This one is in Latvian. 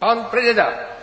Pan Preda.